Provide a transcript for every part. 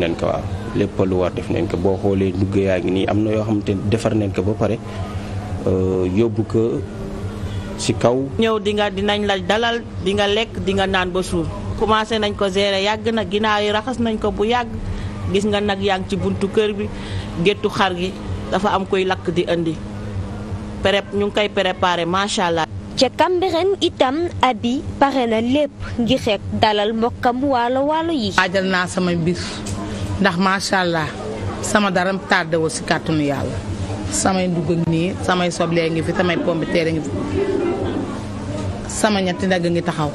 def ko waaw lépp lu war def nañ ko boo xoolee ndugg yaa ngi nii am na yoo xamante ni defar nañ ko ba pare euh, yóbbu ko ci kaw. ñëw di dinañ la dalal di nga lekk di nga naan ba suur commencé nañ ko gérer yàgg na ginnaaw yi raxas nañ ko bu yàgg gis nga nag yaa ngi ci buntu kër bi géttu xar gi dafa am koy lakk di indi prép ñu ngi koy préparé macha allah. ca Cambérène itam abi pare na lépp ngir rekk dalal mbokkam waalo waalo yi. aajal naa sama bis. ndax macha allah sama dara tardewul si kàttanu yàlla samay ndugg ak nii samay soblee ngi fi samay pombiteer ngi fi sama ñetti nag ngi taxaw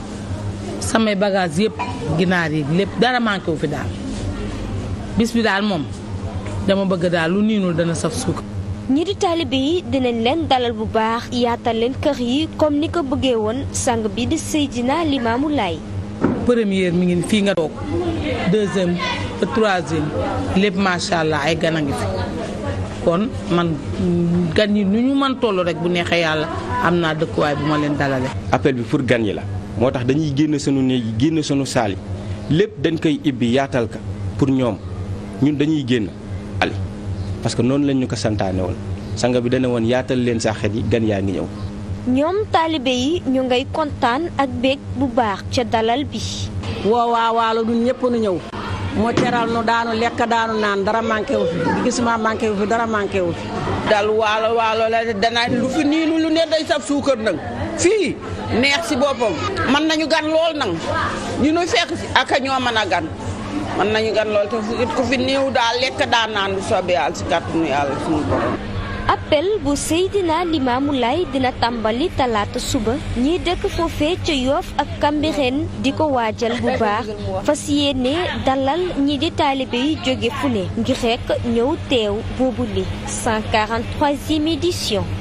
samay bagage yëpp ginaar yi lépp dara manqué wu fi daal bis bi daal moom dama bëgg daal lu niinul dana saf suukar ñi di taalibe yi dinañ leen dalal bu baax yaatal leen kër yi comme ni ko bëggee woon sang bi di Seydina Limaamu Laay première mi ngi fii nga toog deuxième ba troisième lépp macha allah ay gan a ngi fi kon man gan yi nu ñu man toll rek bu neexee yàlla am naa dëkkuwaay bu ma leen dalale. appel bi pour gan yi la moo tax dañuy génn sunu néeg yi génn sunu saali lépp dañ koy ibbi yaatal ka pour ñoom ñun dañuy génn ali parce que noonu lañ ñu ko santaane woon sanga bi dana woon yaatal leen sa xet yi gan yaa ngi ñëw. ñoom taalibe yi ñu ngay kontaan ak béeg bu baax ca dalal bi. woo waa waalo ñun ñëpp ñëw. moo teral nu daanu lekk daanu naan dara manqué wu fi gisuma manqué wu fi dara manqué wu fi. dal waalo waalo la dana lu fi nii lu ne day saf suukar nag fii neex si boppam. mën nañu gan lool nag ñu nu fekk si ak ñoo mën a gan mën nañu gan lool te ku fi néew daal lekk daan naan du soobee yàlla si kàttanu yàlla suñu borom. appel bu Seydina Limaamu Laay dina tàmbali talaata suba ñiy dëkk foofee ca Yoof ak Kambireen di ko waajal bu baax fas yéene dalal ñi di taalibe yi jóge fu ne ngir rekk ñëw teew boobu li 143e édition